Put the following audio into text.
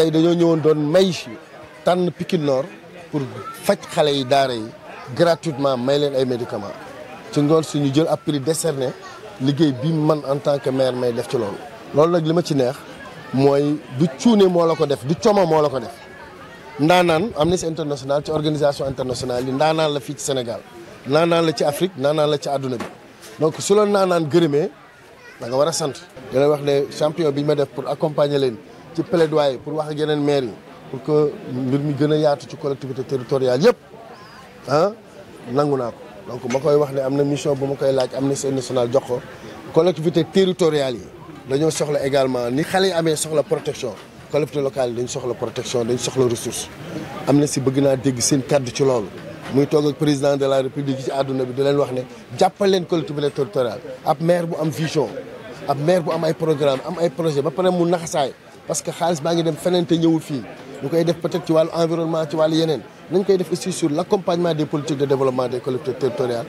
tey dañoo ñëwoon doon may tànn Pikine Nord pour faj xale yi daara yi gratuitement may leen ay médicament ci ngoon ñu jël ab prix décerné liggéey bi man en tant que maire may def ci loolu. loolu nag li ma ci neex mooy du cuune moo la ko def du coomo moo la ko def ndaanaan Amnesty International ci organisation internationale yi ndaanaan la fii ci Sénégal ndaanaan la ci Afrique ndaanaan la ci àdduna bi donc si la ndaanaan gërëmee da nga war a sant. dina wax ne champion bi ñu ma def pour accompagner leen. ci plaidoyer pour wax ak yeneen maires yi pour que mbir mi gën a yaatu ci collectivité territoriale yëpp ah nangu naa ko donc ma koy wax ne am na mission bu ma koy laaj am Amnesty International jox ko collectivité territoriale yi dañoo soxla également ni xale yi amee soxla protection collectivité locale yi dañ soxla protection dañ soxla ressource am na si bëgg naa dégg seen kàddu ci loolu muy toog président de la république ci àdduna bi di wax ne jàppa leen collectivité territoriale ab maire bu am vision ab maire bu am ay programme am ay projet ba pare mu naxasaay parce que xaalis baa ngi dem feneen te ñëwul fii ñu koy def peut-être ci wàllu environnement ci wàllu yeneen nañ koy def aussi l'accompagnement des politiques de développement des collectivités territoriales